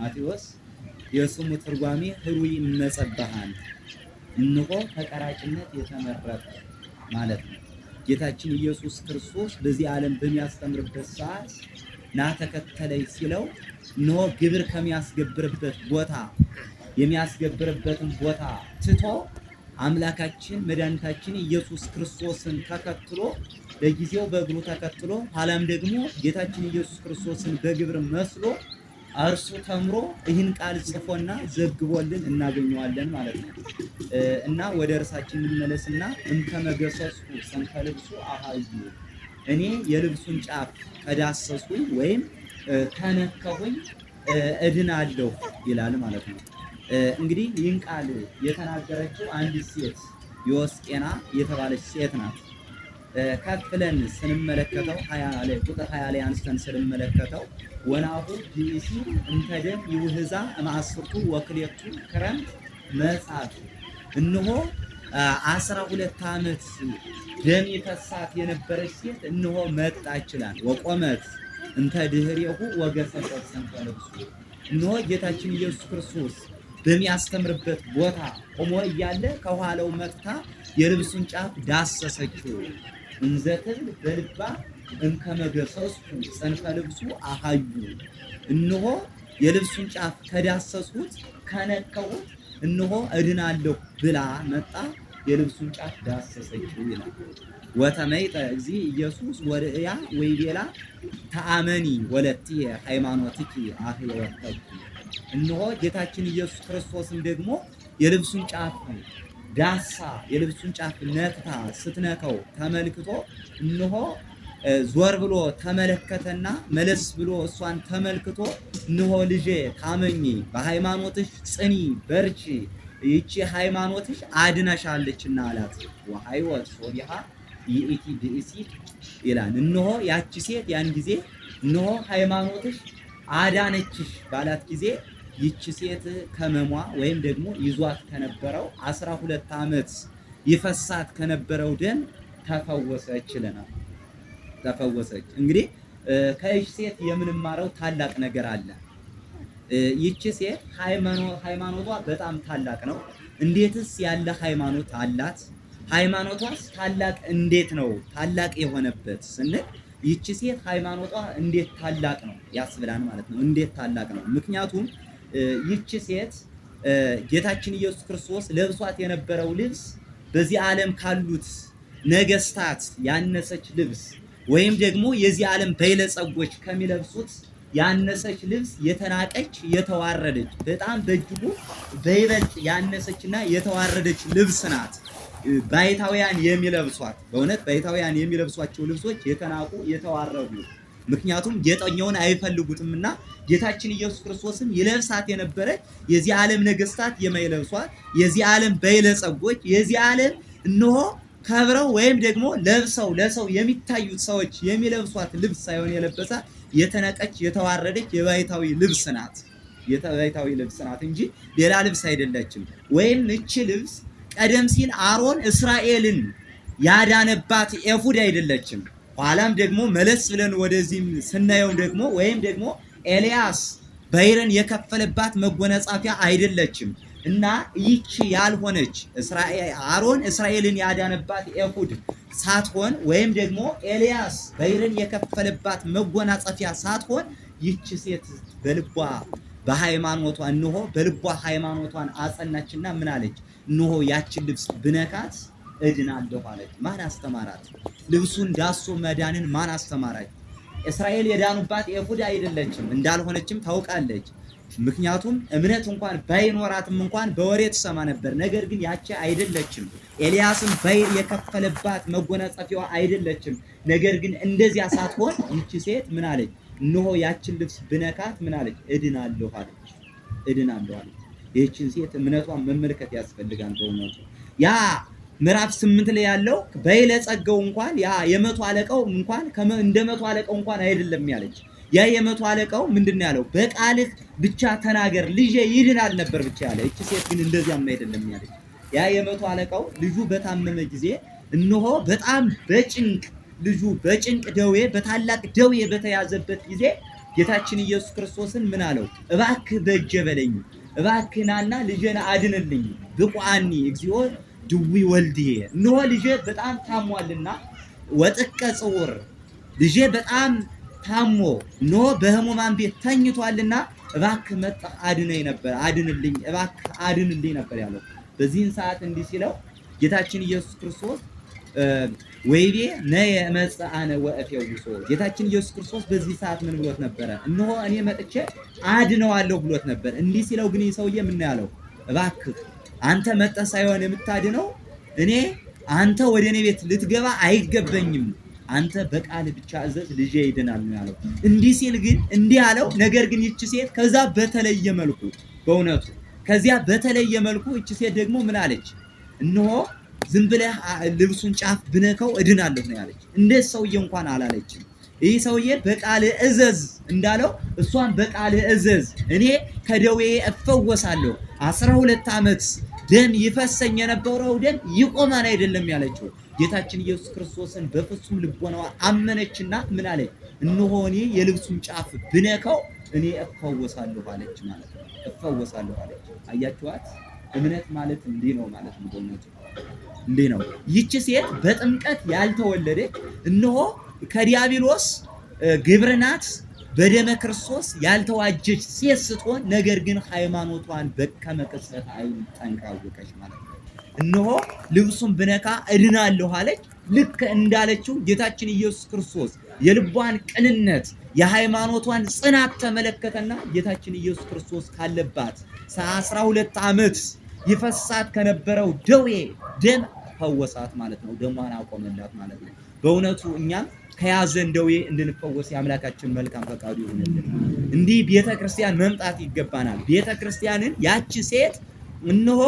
ማቴዎስ የስሙ ትርጓሜ ህሩይ መጸባሃን እንሆ ተቀራጭነት የተመረጠ ማለት ነው። ጌታችን ኢየሱስ ክርስቶስ በዚህ ዓለም በሚያስተምርበት ሰዓት ና ተከተለኝ ሲለው እንሆ ግብር ከሚያስገብርበት ቦታ የሚያስገብርበትን ቦታ ትቶ አምላካችን መድኃኒታችን ኢየሱስ ክርስቶስን ተከትሎ ለጊዜው በእግሩ ተከትሎ ኋላም ደግሞ ጌታችን ኢየሱስ ክርስቶስን በግብር መስሎ አርሱ ተምሮ ይህን ቃል ጽፎና ዘግቦልን እናገኘዋለን ማለት ነው። እና ወደ እርሳችን እንመለስና እንተመገሰስኩ ሰንፈ ልብሱ አሃዩ እኔ የልብሱን ጫፍ ከዳሰስኩኝ ወይም ከነከሁኝ እድናለሁ ይላል ማለት ነው። እንግዲህ ይህን ቃል የተናገረችው አንድ ሴት ዮስቄና የተባለች ሴት ናት። ከፍለን ስንመለከተው ቁጥር ሀያ ላይ አንስተን ስንመለከተው ወናሁ ብእሲ እንተደም ይውህዛ እምአስርቱ ወክሌቱ ክረምት መጻቱ እነሆ አስራ ሁለት ዓመት ደም ይፈሳት የነበረች ሴት እነሆ መጣች ይላል። ወቆመት እንተ ድህሬሁ ወገሠጸት ሰንፈ ልብሱ። እነሆ ጌታችን ኢየሱስ ክርስቶስ በሚያስተምርበት ቦታ ቆሞ እያለ ከኋላው መጥታ የልብሱን ጫፍ ዳሰሰችው። እንዘተል በልባ እንከመገሰስኩ ጽንፈ ልብሱ አሃዩ እንሆ የልብሱን ጫፍ ከዳሰስሁት ከነከሁት እንሆ እድናለሁ ብላ መጣ የልብሱን ጫፍ ዳሰሰችው ይላል። ወተመይጠ እግዚ ኢየሱስ ወርእያ ወይ ቤላ ተአመኒ ወለትየ ሃይማኖትኪ አህየወተኪ እንሆ ጌታችን ኢየሱስ ክርስቶስን ደግሞ የልብሱን ጫፍ ዳሳ የልብሱን ጫፍ ነክታ ስትነከው ተመልክቶ እንሆ ዞር ብሎ ተመለከተና መለስ ብሎ እሷን ተመልክቶ እንሆ ልጄ ታመኚ፣ በሃይማኖትሽ ጽኒ፣ በርቺ፣ ይቺ ሃይማኖትሽ አድነሻለችና አላት። ወሃይወት ሶቢሃ ይእቲ ብእሲ ይላል። እንሆ ያቺ ሴት ያን ጊዜ እንሆ ሃይማኖትሽ አዳነችሽ ባላት ጊዜ ይቺ ሴት ከመሟ ወይም ደግሞ ይዟት ከነበረው አስራ ሁለት ዓመት ይፈሳት ከነበረው ደም ተፈወሰች ይለናል። ተፈወሰች እንግዲህ ከይቺ ሴት የምንማረው ታላቅ ነገር አለ። ይቺ ሴት ሃይማኖቷ በጣም ታላቅ ነው። እንዴትስ ያለ ሃይማኖት አላት? ሃይማኖቷስ ታላቅ እንዴት ነው ታላቅ የሆነበት ስንል ይቺ ሴት ሃይማኖቷ እንዴት ታላቅ ነው ያስብላን ማለት ነው። እንዴት ታላቅ ነው? ምክንያቱም ይቺ ሴት ጌታችን ኢየሱስ ክርስቶስ ለብሷት የነበረው ልብስ በዚህ ዓለም ካሉት ነገስታት ያነሰች ልብስ ወይም ደግሞ የዚህ ዓለም በይለጸጎች ከሚለብሱት ያነሰች ልብስ የተናቀች የተዋረደች በጣም በእጅጉ በይበልጥ ያነሰችና የተዋረደች ልብስ ናት። ባይታውያን የሚለብሷት በእውነት ባይታውያን የሚለብሷቸው ልብሶች የተናቁ የተዋረዱ ምክንያቱም ጌጠኛውን አይፈልጉትምና ጌታችን ኢየሱስ ክርስቶስም ይለብሳት የነበረች የዚህ ዓለም ነገስታት የማይለብሷት የዚህ ዓለም በይለጸጎች የዚህ ዓለም እነሆ ከብረው ወይም ደግሞ ለብሰው ለሰው የሚታዩት ሰዎች የሚለብሷት ልብስ ሳይሆን የለበሳት የተነቀች የተዋረደች የባይታዊ ልብስ ናት። የባይታዊ ልብስ ናት እንጂ ሌላ ልብስ አይደለችም። ወይም እቺ ልብስ ቀደም ሲል አሮን እስራኤልን ያዳነባት ኤፉድ አይደለችም። ኋላም ደግሞ መለስ ብለን ወደዚህም ስናየው ደግሞ ወይም ደግሞ ኤልያስ በይረን የከፈለባት መጎናጸፊያ አይደለችም እና ይቺ ያልሆነች አሮን እስራኤልን ያዳነባት ኤፉድ ሳትሆን ወይም ደግሞ ኤልያስ በይረን የከፈለባት መጎናጸፊያ ሳትሆን ይቺ ሴት በልቧ በሃይማኖቷ እንሆ በልቧ ሃይማኖቷን አጸናችና ምን አለች? እንሆ ያችን ልብስ ብነካት እድናለሁ አለች። ማን አስተማራት? ልብሱን ዳሶ መዳንን ማን አስተማራች? እስራኤል የዳኑባት ኤፉድ አይደለችም፣ እንዳልሆነችም ታውቃለች። ምክንያቱም እምነት እንኳን ባይኖራትም እንኳን በወሬ ትሰማ ነበር። ነገር ግን ያቺ አይደለችም። ኤልያስም ባይር የከፈለባት መጎናጸፊያዋ አይደለችም። ነገር ግን እንደዚያ ሳትሆን ይቺ ሴት ምን አለች? እነሆ ያችን ልብስ ብነካት ምን አለች? እድናለሁ አለች። እድናለሁ አለች። ይህችን ሴት እምነቷን መመልከት ያስፈልጋል በእውነቱ ያ ምዕራፍ ስምንት ላይ ያለው በይለ ጸጋው እንኳን ያ የመቶ አለቃው እንኳን እንደ መቶ አለቃው እንኳን አይደለም ያለች። ያ የመቶ አለቃው ምንድን ያለው በቃልህ ብቻ ተናገር ልጄ ይድናል ነበር ብቻ ያለ። እቺ ሴት ግን እንደዚያም አይደለም ያለች። ያ የመቶ አለቃው ልጁ በታመመ ጊዜ እነሆ በጣም በጭንቅ ልጁ በጭንቅ ደዌ በታላቅ ደዌ በተያዘበት ጊዜ ጌታችን ኢየሱስ ክርስቶስን ምን አለው? እባክህ በእጀ በለኝ፣ እባክህናና ልጄን አድንልኝ ብቁአኒ እግዚኦ ድዊ ወልድዬ እንሆ ልጄ በጣም ታሟልና ወጥቀ ጽውር ልጄ በጣም ታሞ እንሆ በህሙማን ቤት ተኝቷልና እባክህ መጣህ አድነኝ ነበር አድንልኝ እባክህ አድንልኝ ነበር ያለው። በዚህን ሰዓት እንዲህ ሲለው ጌታችን ኢየሱስ ክርስቶስ ወይቤ ነየ መጽአነ ወእፌውሶ ጌታችን ኢየሱስ ክርስቶስ በዚህ ሰዓት ምን ብሎት ነበረ? እነሆ እኔ መጥቼ አድነዋለሁ ብሎት ነበር። እንዲህ ሲለው ግን ይህ ሰውዬ ምን ያለው እባክህ አንተ መጠህ ሳይሆን የምታድነው እኔ አንተ ወደ እኔ ቤት ልትገባ አይገበኝም፣ አንተ በቃል ብቻ እዘዝ ልጄ ይድናል ነው ያለው። እንዲህ ሲል ግን እንዲህ አለው። ነገር ግን ይቺ ሴት ከዛ በተለየ መልኩ በእውነቱ ከዚያ በተለየ መልኩ ይቺ ሴት ደግሞ ምን አለች? እነሆ ዝም ብለህ ልብሱን ጫፍ ብነከው እድናለሁ ነው ያለች። እንደ ሰውዬ እንኳን አላለችም። ይህ ሰውዬ በቃል እዘዝ እንዳለው እሷን በቃል እዘዝ፣ እኔ ከደዌ እፈወሳለሁ አስራ ሁለት ዓመት ደም ይፈሰኝ የነበረው ደም ይቆማን አይደለም ያለችው ጌታችን ኢየሱስ ክርስቶስን በፍጹም ልቦናዋ አመነችና ምን አለች? እነሆ እኔ የልብሱን ጫፍ ብነካው እኔ እፈወሳለሁ አለች ማለት ነው። እፈወሳለሁ አለች። አያችኋት? እምነት ማለት እንዲህ ነው ማለት ነው። በእውነቱ እንዲህ ነው። ይቺ ሴት በጥምቀት ያልተወለደች እነሆ ከዲያብሎስ ግብርናት በደመ ክርስቶስ ያልተዋጀች ሴት ስትሆን ነገር ግን ሃይማኖቷን በከመ ቅጽበት ዓይን ማለት ነው። እነሆ ልብሱን ብነካ እድናለሁ አለች። ልክ እንዳለችው ጌታችን ኢየሱስ ክርስቶስ የልቧን ቅንነት የሃይማኖቷን ጽናት ተመለከተና ጌታችን ኢየሱስ ክርስቶስ ካለባት አስራ ሁለት ዓመት ይፈሳት ከነበረው ደዌ ደም ፈወሳት ማለት ነው። ደሟን አቆመላት ማለት ነው። በእውነቱ እኛም ከያዘን ደዌ እንድንፈወስ የአምላካችን መልካም ፈቃዱ ይሁንልን። እንዲህ ቤተ ክርስቲያን መምጣት ይገባናል። ቤተ ክርስቲያንን ያቺ ሴት እነሆ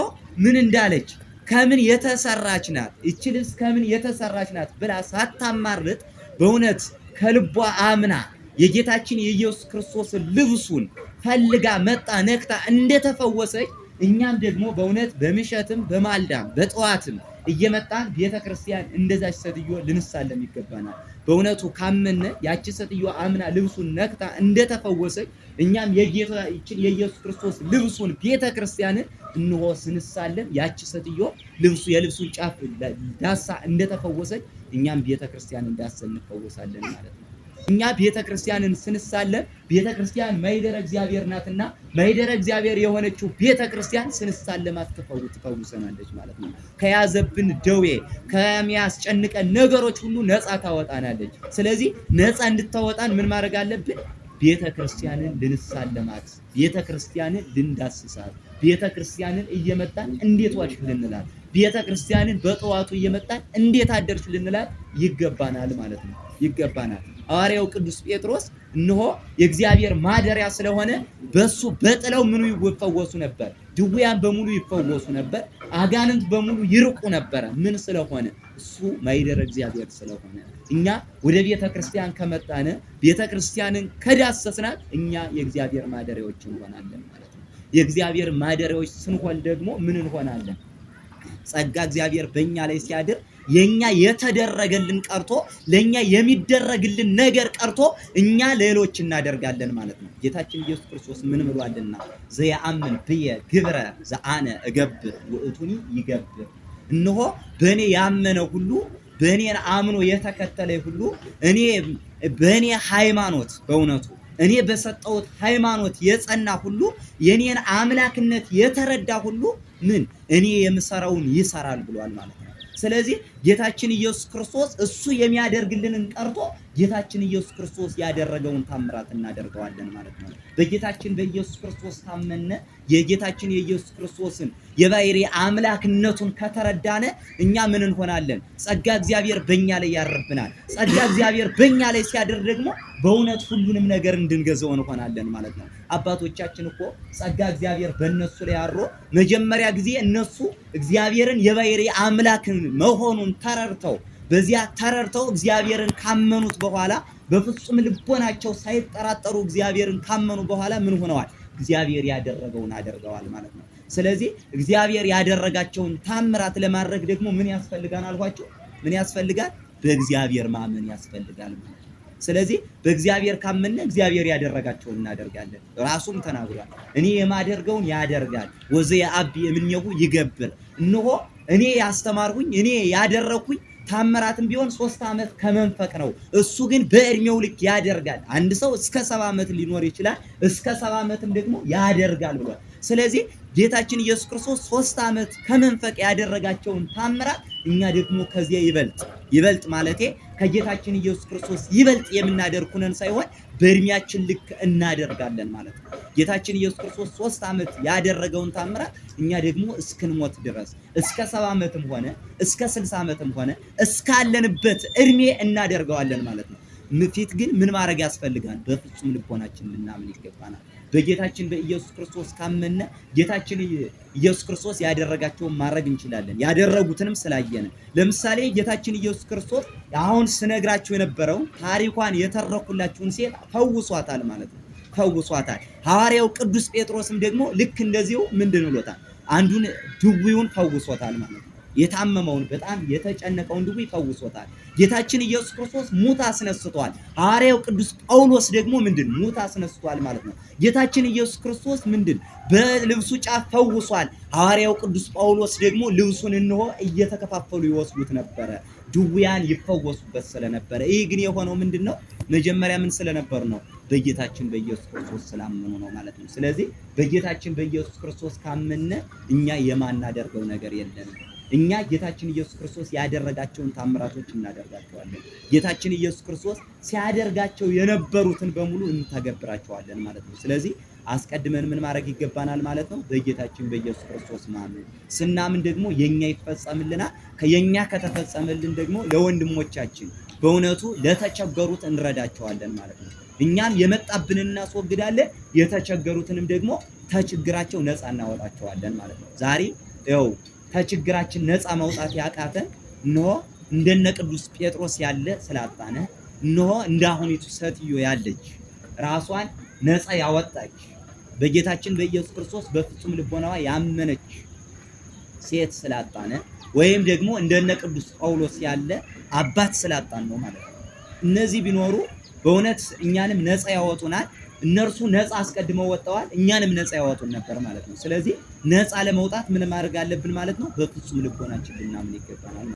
ምን እንዳለች ከምን የተሰራች ናት፣ እቺ ልብስ ከምን የተሰራች ናት ብላ ሳታማርጥ በእውነት ከልቧ አምና የጌታችን የኢየሱስ ክርስቶስን ልብሱን ፈልጋ መጣ ነክታ እንደተፈወሰች እኛም ደግሞ በእውነት በምሸትም በማልዳም በጠዋትም እየመጣን ቤተ ክርስቲያን እንደዛች ሴትዮ ልንሳለም ይገባናል። በእውነቱ ካመነ ያቺ ሴትዮ አምና ልብሱን ነክታ እንደተፈወሰች እኛም የጌታችን የኢየሱስ ክርስቶስ ልብሱን ቤተ ክርስቲያንን እንሆ ስንሳለን ያቺ ሴትዮ ልብሱ የልብሱን ጫፍ ዳሳ እንደተፈወሰች እኛም ቤተ ክርስቲያን እንዳሰ እንፈወሳለን ማለት ነው። እኛ ቤተ ክርስቲያንን ስንሳለም ቤተ ክርስቲያን ማይደረ እግዚአብሔር ናትና ማይደረ እግዚአብሔር የሆነችው ቤተ ክርስቲያን ስንሳለማት ትፈውሰናለች ማለት ነው። ከያዘብን ደዌ ከሚያስጨንቀን ነገሮች ሁሉ ነፃ ታወጣናለች። ስለዚህ ነፃ እንድታወጣን ምን ማድረግ አለብን? ቤተ ክርስቲያንን ልንሳለማት፣ ቤተ ክርስቲያንን ልንዳስሳት፣ ቤተ ክርስቲያንን እየመጣን እንዴት ዋልሽ ልንላት፣ ቤተ ክርስቲያንን በጠዋቱ እየመጣን እንዴት አደርሽ ልንላት ይገባናል ማለት ነው ይገባናል። ሐዋርያው ቅዱስ ጴጥሮስ እነሆ የእግዚአብሔር ማደሪያ ስለሆነ በሱ በጥለው ምኑ ይፈወሱ ነበር፣ ድውያን በሙሉ ይፈወሱ ነበር፣ አጋንንት በሙሉ ይርቁ ነበረ። ምን ስለሆነ? እሱ ማይደር እግዚአብሔር ስለሆነ። እኛ ወደ ቤተ ክርስቲያን ከመጣነ ቤተ ክርስቲያንን ከዳሰስናት እኛ የእግዚአብሔር ማደሪያዎች እንሆናለን ማለት ነው። የእግዚአብሔር ማደሪያዎች ስንሆን ደግሞ ምን እንሆናለን? ጸጋ እግዚአብሔር በእኛ ላይ ሲያድር የኛ የተደረገልን ቀርቶ ለኛ የሚደረግልን ነገር ቀርቶ እኛ ሌሎች እናደርጋለን ማለት ነው። ጌታችን ኢየሱስ ክርስቶስ ምን ብሏልና ዘያአምን ብየ ግብረ ዘአነ እገብር ውእቱኒ ይገብር፣ እነሆ በእኔ ያመነ ሁሉ በእኔን አምኖ የተከተለ ሁሉ እኔ በእኔ ሃይማኖት በእውነቱ እኔ በሰጠሁት ሃይማኖት የጸና ሁሉ የኔን አምላክነት የተረዳ ሁሉ ምን እኔ የምሰራውን ይሰራል ብሏል ማለት ነው። ስለዚህ ጌታችን ኢየሱስ ክርስቶስ እሱ የሚያደርግልንን ቀርቶ ጌታችን ኢየሱስ ክርስቶስ ያደረገውን ታምራት እናደርገዋለን ማለት ነው። በጌታችን በኢየሱስ ክርስቶስ ታመነ የጌታችን የኢየሱስ ክርስቶስን የባይሬ አምላክነቱን ከተረዳነ እኛ ምን እንሆናለን? ጸጋ እግዚአብሔር በእኛ ላይ ያርብናል። ጸጋ እግዚአብሔር በእኛ ላይ ሲያደርግ ደግሞ በእውነት ሁሉንም ነገር እንድንገዛው እንሆናለን ማለት ነው። አባቶቻችን እኮ ጸጋ እግዚአብሔር በእነሱ ላይ አድሮ መጀመሪያ ጊዜ እነሱ እግዚአብሔርን የባሕሪ አምላክን መሆኑን ተረድተው በዚያ ተረድተው እግዚአብሔርን ካመኑት በኋላ በፍጹም ልቦናቸው ሳይጠራጠሩ እግዚአብሔርን ካመኑ በኋላ ምን ሆነዋል? እግዚአብሔር ያደረገውን አደርገዋል ማለት ነው። ስለዚህ እግዚአብሔር ያደረጋቸውን ታምራት ለማድረግ ደግሞ ምን ያስፈልጋል? አልኳቸው ምን ያስፈልጋል? በእግዚአብሔር ማመን ያስፈልጋል ማለት ነው። ስለዚህ በእግዚአብሔር ካመነ እግዚአብሔር ያደረጋቸውን እናደርጋለን። ራሱም ተናግሯል፣ እኔ የማደርገውን ያደርጋል። ወዘ የአብ የምንየው ይገብር። እነሆ እኔ ያስተማርኩኝ እኔ ያደረግኩኝ ታምራትም ቢሆን ሶስት ዓመት ከመንፈቅ ነው። እሱ ግን በእድሜው ልክ ያደርጋል። አንድ ሰው እስከ ሰባ ዓመት ሊኖር ይችላል፣ እስከ ሰባ ዓመትም ደግሞ ያደርጋል ብሏል። ስለዚህ ጌታችን ኢየሱስ ክርስቶስ ሶስት ዓመት ከመንፈቅ ያደረጋቸውን ታምራት እኛ ደግሞ ከዚያ ይበልጥ ይበልጥ ማለቴ ከጌታችን ኢየሱስ ክርስቶስ ይበልጥ የምናደርግ ሁነን ሳይሆን በእድሜያችን ልክ እናደርጋለን ማለት ነው። ጌታችን ኢየሱስ ክርስቶስ ሶስት ዓመት ያደረገውን ታምራት እኛ ደግሞ እስክንሞት ድረስ እስከ ሰባ ዓመትም ሆነ እስከ ስልሳ ዓመትም ሆነ እስካለንበት እድሜ እናደርገዋለን ማለት ነው። ፊት ግን ምን ማድረግ ያስፈልጋል? በፍጹም ልቦናችን ልናምን ይገባናል። በጌታችን በኢየሱስ ክርስቶስ ካመነ ጌታችን ኢየሱስ ክርስቶስ ያደረጋቸውን ማድረግ እንችላለን። ያደረጉትንም ስላየን፣ ለምሳሌ ጌታችን ኢየሱስ ክርስቶስ አሁን ስነግራችሁ የነበረው ታሪኳን የተረኩላችሁን ሴት ፈውሷታል ማለት ነው። ፈውሷታል። ሐዋርያው ቅዱስ ጴጥሮስም ደግሞ ልክ እንደዚሁ ምንድን ብሎታል? አንዱን ድውዩን ፈውሶታል ማለት ነው። የታመመውን በጣም የተጨነቀውን ድቡ ይፈውሶታል። ጌታችን ኢየሱስ ክርስቶስ ሙት አስነስቷል። ሐዋርያው ቅዱስ ጳውሎስ ደግሞ ምንድን ሙት አስነስቷል ማለት ነው። ጌታችን ኢየሱስ ክርስቶስ ምንድን በልብሱ ጫፍ ፈውሷል። ሐዋርያው ቅዱስ ጳውሎስ ደግሞ ልብሱን እንሆ እየተከፋፈሉ ይወስዱት ነበረ ድውያን ይፈወሱበት ስለነበረ። ይህ ግን የሆነው ምንድን ነው? መጀመሪያ ምን ስለነበር ነው? በጌታችን በኢየሱስ ክርስቶስ ስላመኑ ነው ማለት ነው። ስለዚህ በጌታችን በኢየሱስ ክርስቶስ ካመነ እኛ የማናደርገው ነገር የለንም። እኛ ጌታችን ኢየሱስ ክርስቶስ ያደረጋቸውን ታምራቶች እናደርጋቸዋለን። ጌታችን ኢየሱስ ክርስቶስ ሲያደርጋቸው የነበሩትን በሙሉ እንተገብራቸዋለን ማለት ነው። ስለዚህ አስቀድመን ምን ማድረግ ይገባናል ማለት ነው? በጌታችን በኢየሱስ ክርስቶስ ማመን። ስናምን ደግሞ የኛ ይፈጸምልና ከየኛ ከተፈጸመልን ደግሞ ለወንድሞቻችን በእውነቱ ለተቸገሩት እንረዳቸዋለን ማለት ነው። እኛም የመጣብንን እናስወግዳለን፣ የተቸገሩትንም ደግሞ ተችግራቸው ነፃ እናወጣቸዋለን ማለት ነው። ዛሬ ያው ከችግራችን ነፃ መውጣት ያቃተን እንሆ እንደነ ቅዱስ ጴጥሮስ ያለ ስላጣነ እንሆ እንዳሁኒቱ ሴትዮ ያለች ራሷን ነፃ ያወጣች በጌታችን በኢየሱስ ክርስቶስ በፍጹም ልቦናዋ ያመነች ሴት ስላጣነ ወይም ደግሞ እንደነ ቅዱስ ጳውሎስ ያለ አባት ስላጣን ነው ማለት ነው። እነዚህ ቢኖሩ በእውነት እኛንም ነፃ ያወጡናል። እነርሱ ነፃ አስቀድመው ወጥተዋል፣ እኛንም ነፃ ያወጡን ነበር ማለት ነው። ስለዚህ ነፃ ለመውጣት ምን ማድረግ አለብን ማለት ነው? በፍጹም ልቦናችን ልናምን ይገባናል።